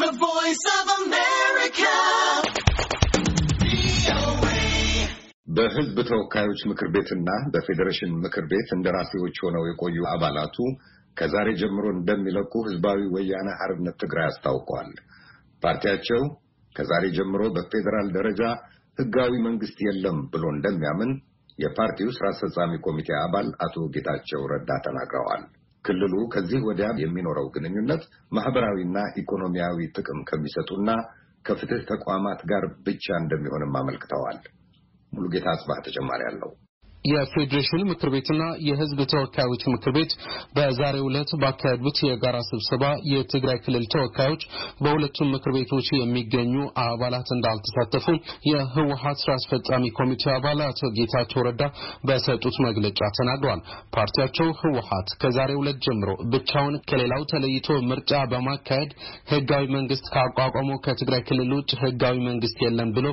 The Voice of America. በሕዝብ ተወካዮች ምክር ቤትና በፌዴሬሽን ምክር ቤት እንደራሴዎች ሆነው የቆዩ አባላቱ ከዛሬ ጀምሮ እንደሚለቁ ህዝባዊ ወያነ ሓርነት ትግራይ አስታውቋል። ፓርቲያቸው ከዛሬ ጀምሮ በፌዴራል ደረጃ ህጋዊ መንግስት የለም ብሎ እንደሚያምን የፓርቲው ስራ አስፈጻሚ ኮሚቴ አባል አቶ ጌታቸው ረዳ ተናግረዋል። ክልሉ ከዚህ ወዲያ የሚኖረው ግንኙነት ማህበራዊና ኢኮኖሚያዊ ጥቅም ከሚሰጡና ከፍትህ ተቋማት ጋር ብቻ እንደሚሆንም አመልክተዋል። ሙሉጌታ አጽባህ ተጨማሪ አለው። የፌዴሬሽን ምክር ቤትና የህዝብ ተወካዮች ምክር ቤት በዛሬው ዕለት ባካሄዱት የጋራ ስብሰባ የትግራይ ክልል ተወካዮች በሁለቱም ምክር ቤቶች የሚገኙ አባላት እንዳልተሳተፉ የህወሀት ስራ አስፈጻሚ ኮሚቴ አባል አቶ ጌታቸው ረዳ በሰጡት መግለጫ ተናግሯል። ፓርቲያቸው ህወሀት ከዛሬው ዕለት ጀምሮ ብቻውን ከሌላው ተለይቶ ምርጫ በማካሄድ ህጋዊ መንግስት ካቋቋመ ከትግራይ ክልል ውጭ ህጋዊ መንግስት የለም ብሎ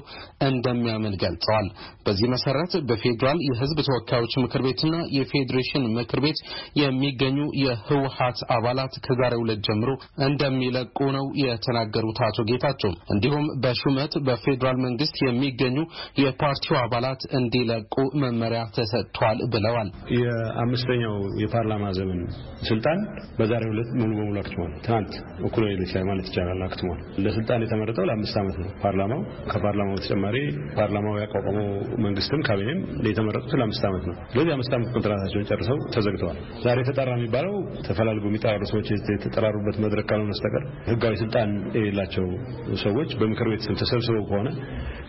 እንደሚያምን ገልጸዋል። በዚህ መሰረት በፌዴራል የህዝብ ተወካዮች ምክር ቤትና የፌዴሬሽን ምክር ቤት የሚገኙ የህወሀት አባላት ከዛሬው ዕለት ጀምሮ እንደሚለቁ ነው የተናገሩት አቶ ጌታቸው። እንዲሁም በሹመት በፌዴራል መንግስት የሚገኙ የፓርቲው አባላት እንዲለቁ መመሪያ ተሰጥቷል ብለዋል። የአምስተኛው የፓርላማ ዘመን ስልጣን በዛሬ ሁለት ሙሉ በሙሉ አክትሟል። ትናንት እኩለ ሌሊት ላይ ማለት ይቻላል አክትሟል። ለስልጣን የተመረጠው ለአምስት ዓመት ነው ፓርላማው። ከፓርላማው በተጨማሪ ፓርላማው ያቋቋመው መንግስትም ካቢኔም የተመረጡት አምስት ዓመት ነው። ስለዚህ አምስት ዓመት ኮንትራታቸውን ጨርሰው ተዘግተዋል። ዛሬ ተጠራ የሚባለው ተፈላልጎ የሚጠራሩ ሰዎች የተጠራሩበት መድረክ ካልሆነ በስተቀር ህጋዊ ስልጣን የሌላቸው ሰዎች በምክር ቤት ስም ተሰብስበው ከሆነ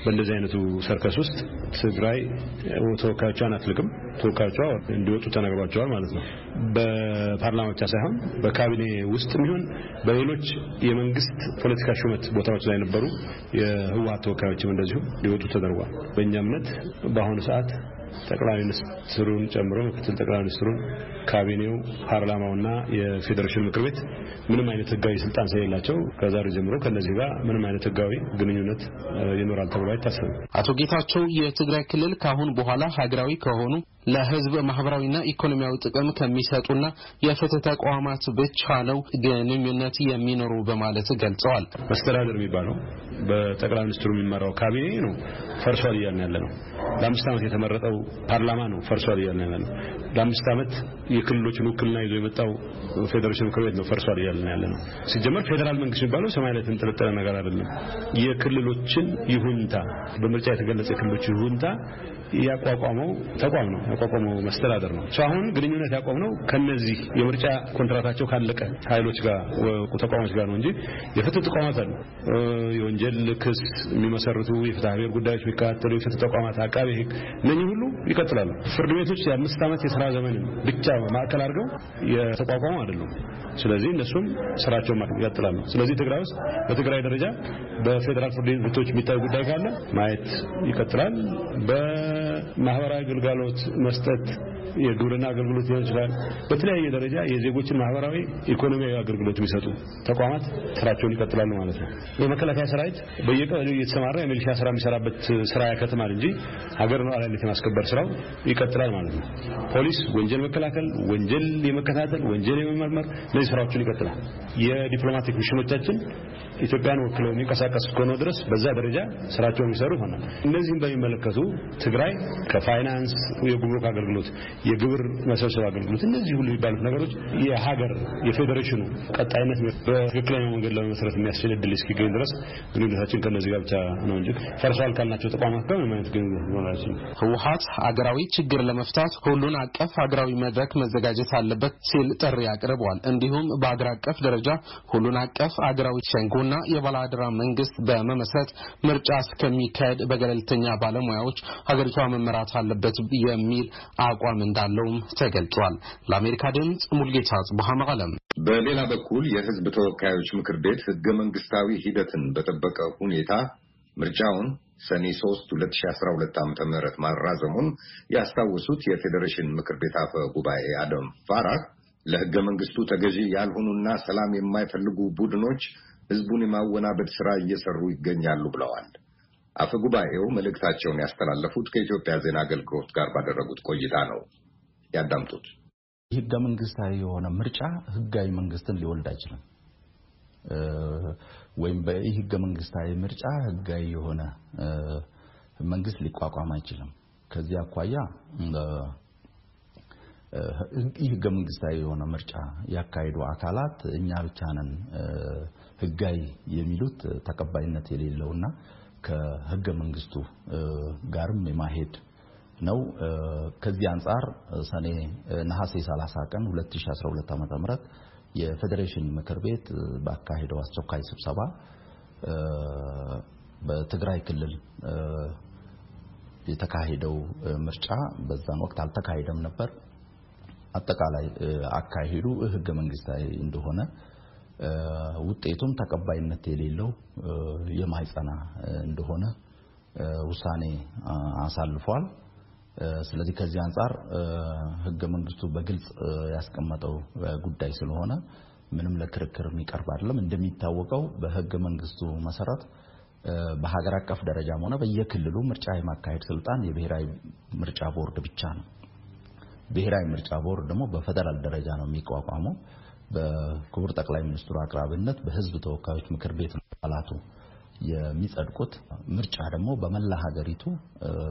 በእንደዚህ አይነቱ ሰርከስ ውስጥ ትግራይ ተወካዮቿን አትልቅም። ተወካዮቿ እንዲወጡ ተነግሯቸዋል ማለት ነው። በፓርላማ ብቻ ሳይሆን በካቢኔ ውስጥ የሚሆን በሌሎች የመንግስት ፖለቲካ ሹመት ቦታዎች ላይ ነበሩ የህወሀት ተወካዮችም እንደዚሁ ሊወጡ ተደርጓል። በእኛ እምነት በአሁኑ ሰዓት ጠቅላይ ሚኒስትሩን ጨምሮ ምክትል ጠቅላይ ሚኒስትሩን ካቢኔው፣ ፓርላማውና የፌዴሬሽን ምክር ቤት ምንም አይነት ህጋዊ ስልጣን ስለሌላቸው ከዛሬ ጀምሮ ከነዚህ ጋር ምንም አይነት ህጋዊ ግንኙነት ይኖራል ተብሎ አይታሰብም። አቶ ጌታቸው የትግራይ ክልል ከአሁን በኋላ ሀገራዊ ከሆኑ ለህዝብ ማህበራዊና ኢኮኖሚያዊ ጥቅም ከሚሰጡና የፍትህ ተቋማት ብቻ ነው ግንኙነት የሚኖሩ በማለት ገልጸዋል። መስተዳደር የሚባለው በጠቅላይ ሚኒስትሩ የሚመራው ካቢኔ ነው ፈርሷል እያልን ያለ ነው። ለአምስት ዓመት የተመረጠው ፓርላማ ነው ፈርሷል እያልን ያለ ነው። ለአምስት ዓመት የክልሎችን ውክልና ይዞ የመጣው ፌዴሬሽን ምክር ቤት ነው ፈርሷል እያልን ያለ ነው። ሲጀመር ፌዴራል መንግስት የሚባለው ሰማይ ላይ የተንጠለጠለ ነገር አይደለም። የክልሎችን ይሁንታ በምርጫ የተገለጸ የክልሎችን ይሁንታ ያቋቋመው ተቋም ነው። ያቋቋመው መስተዳደር ነው። አሁን ግንኙነት ያቆምነው ከነዚህ የምርጫ ኮንትራታቸው ካለቀ ኃይሎች ጋር ተቋሞች ጋር ነው እንጂ የፍትህ ተቋማት አሉ። የወንጀል ክስ የሚመሰርቱ የፍትሐ ብሔር ጉዳዮች የሚከታተሉ የፍትህ ተቋማት፣ አቃቤ ህግ እነህ ይቀጥላሉ። ፍርድ ቤቶች የአምስት ዓመት የስራ ዘመን ብቻ ማዕከል አድርገው የተቋቋሙ አይደሉም። ስለዚህ እነሱም ስራቸውን ይቀጥላሉ። ስለዚህ ትግራይ ውስጥ በትግራይ ደረጃ በፌዴራል ፍርድ ቤቶች የሚታዩ ጉዳይ ካለ ማየት ይቀጥላል። በማህበራዊ ግልጋሎት መስጠት የግብርና አገልግሎት ሊሆን ይችላል። በተለያየ ደረጃ የዜጎችን ማህበራዊ፣ ኢኮኖሚያዊ አገልግሎት የሚሰጡ ተቋማት ስራቸውን ይቀጥላሉ ማለት ነው። የመከላከያ ሰራዊት በየቀኑ እየተሰማራ የሚሊሻ ስራ የሚሰራበት ስራ ያከትማል እንጂ ሀገር ሉዓላዊነት የማስከበር ስራው ይቀጥላል ማለት ነው። ፖሊስ ወንጀል መከላከል፣ ወንጀል የመከታተል፣ ወንጀል የመመርመር እነዚህ ስራዎችን ይቀጥላል። የዲፕሎማቲክ ሚሽኖቻችን ኢትዮጵያን ወክለው የሚንቀሳቀስ እስከሆነ ድረስ በዛ ደረጃ ስራቸውን የሚሰሩ ይሆናል። እነዚህም በሚመለከቱ ትግራይ ከፋይናንስ የጉምሩክ አገልግሎት የግብር መሰብሰብ አገልግሎት፣ እነዚህ ሁሉ የሚባሉት ነገሮች የሀገር የፌዴሬሽኑ ቀጣይነት በትክክለኛ መንገድ ለመመስረት የሚያስችል እድል እስኪገኝ ድረስ ግንኙነታችን ከእነዚህ ጋር ብቻ ነው እንጂ ፈርሰዋል ካልናቸው ተቋማት ጋር ምንም አይነት ግንኙነት ሊኖራችን። ህወሀት አገራዊ ችግር ለመፍታት ሁሉን አቀፍ አገራዊ መድረክ መዘጋጀት አለበት ሲል ጥሪ አቅርበዋል። እንዲሁም በአገር አቀፍ ደረጃ ሁሉን አቀፍ አገራዊ ሸንጎና የባለአደራ መንግስት በመመስረት ምርጫ እስከሚካሄድ በገለልተኛ ባለሙያዎች ሀገሪቷ መመራት አለበት የሚል አቋም እንዳለውም ተገልጿል። ለአሜሪካ ድምፅ ሙልጌታ ጽቡሃ መቀለም። በሌላ በኩል የህዝብ ተወካዮች ምክር ቤት ህገ መንግስታዊ ሂደትን በጠበቀ ሁኔታ ምርጫውን ሰኔ 3 2012 ዓ ም ማራዘሙን ያስታወሱት የፌዴሬሽን ምክር ቤት አፈ ጉባኤ አደም ፋራህ ለህገ መንግስቱ ተገዢ ያልሆኑና ሰላም የማይፈልጉ ቡድኖች ህዝቡን የማወናበድ ስራ እየሰሩ ይገኛሉ ብለዋል። አፈ ጉባኤው መልእክታቸውን ያስተላለፉት ከኢትዮጵያ ዜና አገልግሎት ጋር ባደረጉት ቆይታ ነው። ያዳምጡት። ህገ መንግስታዊ የሆነ ምርጫ ህጋዊ መንግስትን ሊወልድ አይችልም። ወይም በይህ ህገ መንግስታዊ ምርጫ ህጋዊ የሆነ መንግስት ሊቋቋም አይችልም። ከዚህ አኳያ ይህ ህገ መንግስታዊ የሆነ ምርጫ ያካሄዱ አካላት እኛ ብቻ ነን ህጋዊ የሚሉት ተቀባይነት የሌለውና ከህገ መንግስቱ ጋርም የማሄድ ነው። ከዚህ አንጻር ሰኔ ነሐሴ 30 ቀን 2012 ዓ.ም ምረት የፌዴሬሽን ምክር ቤት ባካሄደው አስቸኳይ ስብሰባ በትግራይ ክልል የተካሄደው ምርጫ በዛን ወቅት አልተካሄደም ነበር። አጠቃላይ አካሄዱ ህገ መንግስታዊ እንደሆነ ውጤቱም ተቀባይነት የሌለው የማይጸና እንደሆነ ውሳኔ አሳልፏል። ስለዚህ ከዚህ አንጻር ህገ መንግስቱ በግልጽ ያስቀመጠው ጉዳይ ስለሆነ ምንም ለክርክር የሚቀርብ አይደለም። እንደሚታወቀው በህገ መንግስቱ መሰረት በሀገር አቀፍ ደረጃም ሆነ በየክልሉ ምርጫ የማካሄድ ስልጣን የብሔራዊ ምርጫ ቦርድ ብቻ ነው። ብሔራዊ ምርጫ ቦርድ ደግሞ በፌደራል ደረጃ ነው የሚቋቋመው። በክቡር ጠቅላይ ሚኒስትሩ አቅራቢነት በህዝብ ተወካዮች ምክር ቤት አባላቱ የሚጸድቁት። ምርጫ ደግሞ በመላ ሀገሪቱ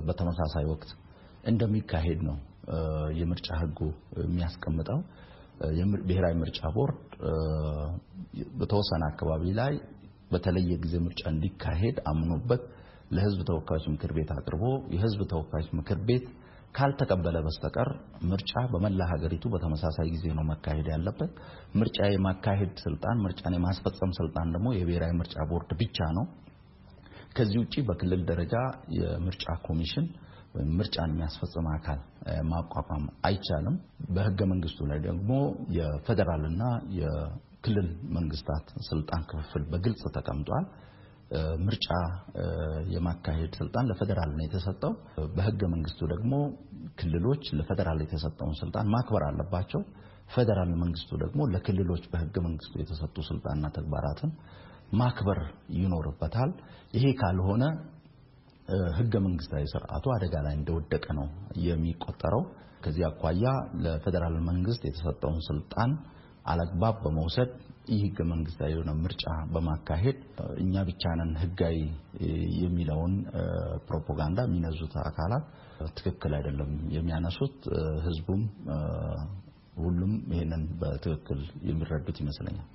በተመሳሳይ ወቅት እንደሚካሄድ ነው የምርጫ ህጉ የሚያስቀምጠው። ብሔራዊ ምርጫ ቦርድ በተወሰነ አካባቢ ላይ በተለየ ጊዜ ምርጫ እንዲካሄድ አምኖበት ለህዝብ ተወካዮች ምክር ቤት አቅርቦ የህዝብ ተወካዮች ምክር ቤት ካልተቀበለ በስተቀር ምርጫ በመላ ሀገሪቱ በተመሳሳይ ጊዜ ነው መካሄድ ያለበት። ምርጫ የማካሄድ ስልጣን፣ ምርጫን የማስፈጸም ስልጣን ደግሞ የብሔራዊ ምርጫ ቦርድ ብቻ ነው። ከዚህ ውጪ በክልል ደረጃ የምርጫ ኮሚሽን ወይም ምርጫን የሚያስፈጽም አካል ማቋቋም አይቻልም። በህገ መንግስቱ ላይ ደግሞ የፌዴራልና የክልል መንግስታት ስልጣን ክፍፍል በግልጽ ተቀምጧል። ምርጫ የማካሄድ ስልጣን ለፌዴራል ነው የተሰጠው። በህገ መንግስቱ ደግሞ ክልሎች ለፌዴራል የተሰጠውን ስልጣን ማክበር አለባቸው። ፌዴራል መንግስቱ ደግሞ ለክልሎች በህገ መንግስቱ የተሰጡ ስልጣንና ተግባራትን ማክበር ይኖርበታል። ይሄ ካልሆነ ህገ መንግስታዊ ስርዓቱ አደጋ ላይ እንደወደቀ ነው የሚቆጠረው። ከዚህ አኳያ ለፌዴራል መንግስት የተሰጠውን ስልጣን አላግባብ በመውሰድ ይህ ህገ መንግስታዊ የሆነ ምርጫ በማካሄድ እኛ ብቻ ነን ህጋዊ የሚለውን ፕሮፓጋንዳ የሚነዙት አካላት ትክክል አይደለም የሚያነሱት። ህዝቡም ሁሉም ይህንን በትክክል የሚረዱት ይመስለኛል።